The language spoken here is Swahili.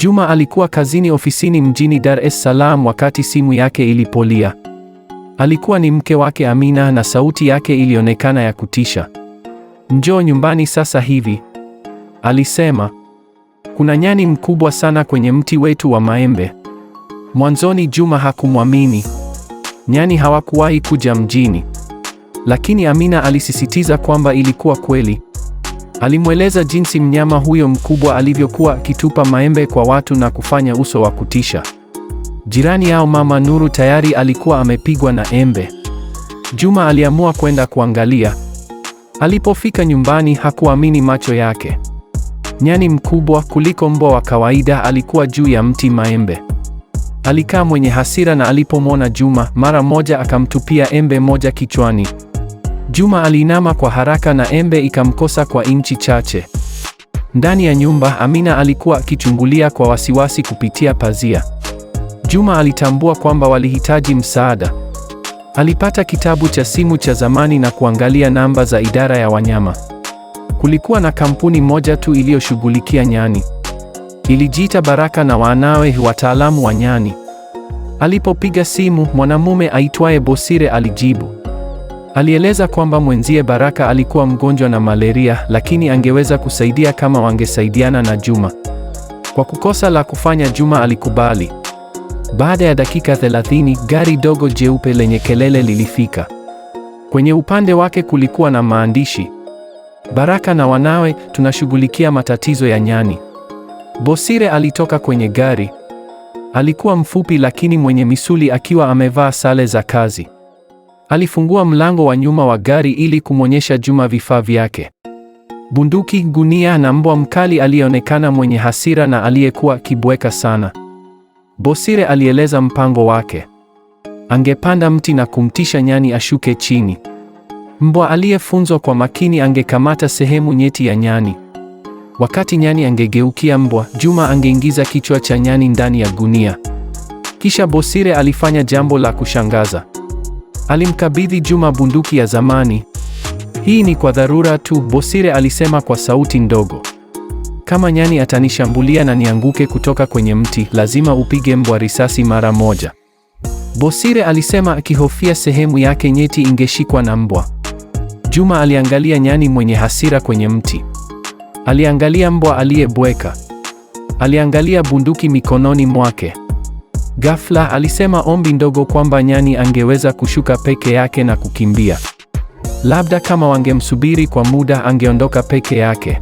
Juma alikuwa kazini ofisini mjini Dar es Salaam wakati simu yake ilipolia. Alikuwa ni mke wake Amina na sauti yake ilionekana ya kutisha. Njoo nyumbani sasa hivi, alisema. Kuna nyani mkubwa sana kwenye mti wetu wa maembe. Mwanzoni Juma hakumwamini. Nyani hawakuwahi kuja mjini. Lakini Amina alisisitiza kwamba ilikuwa kweli. Alimweleza jinsi mnyama huyo mkubwa alivyokuwa akitupa maembe kwa watu na kufanya uso wa kutisha. Jirani yao Mama Nuru tayari alikuwa amepigwa na embe. Juma aliamua kwenda kuangalia. Alipofika nyumbani hakuamini macho yake. Nyani mkubwa kuliko mbwa wa kawaida alikuwa juu ya mti maembe. Alikaa mwenye hasira na alipomwona Juma, mara moja akamtupia embe moja kichwani. Juma aliinama kwa haraka na embe ikamkosa kwa inchi chache. Ndani ya nyumba, Amina alikuwa akichungulia kwa wasiwasi kupitia pazia. Juma alitambua kwamba walihitaji msaada. Alipata kitabu cha simu cha zamani na kuangalia namba za idara ya wanyama. Kulikuwa na kampuni moja tu iliyoshughulikia nyani. Ilijiita Baraka na wanawe, wataalamu wa nyani. Alipopiga simu, mwanamume aitwaye Bosire alijibu. Alieleza kwamba mwenzie Baraka alikuwa mgonjwa na malaria, lakini angeweza kusaidia kama wangesaidiana na Juma. Kwa kukosa la kufanya, Juma alikubali. Baada ya dakika 30, gari dogo jeupe lenye kelele lilifika. Kwenye upande wake kulikuwa na maandishi: Baraka na wanawe, tunashughulikia matatizo ya nyani. Bosire alitoka kwenye gari. Alikuwa mfupi lakini mwenye misuli akiwa amevaa sare za kazi. Alifungua mlango wa nyuma wa gari ili kumwonyesha Juma vifaa vyake. Bunduki, gunia na mbwa mkali aliyeonekana mwenye hasira na aliyekuwa kibweka sana. Bosire alieleza mpango wake. Angepanda mti na kumtisha nyani ashuke chini. Mbwa aliyefunzwa kwa makini angekamata sehemu nyeti ya nyani. Wakati nyani angegeukia mbwa, Juma angeingiza kichwa cha nyani ndani ya gunia. Kisha Bosire alifanya jambo la kushangaza. Alimkabidhi Juma bunduki ya zamani. Hii ni kwa dharura tu, Bosire alisema kwa sauti ndogo. Kama nyani atanishambulia na nianguke kutoka kwenye mti, lazima upige mbwa risasi mara moja. Bosire alisema akihofia sehemu yake nyeti ingeshikwa na mbwa. Juma aliangalia nyani mwenye hasira kwenye mti. Aliangalia mbwa aliyebweka. Aliangalia bunduki mikononi mwake. Ghafla alisema ombi ndogo kwamba nyani angeweza kushuka peke yake na kukimbia. Labda kama wangemsubiri kwa muda angeondoka peke yake.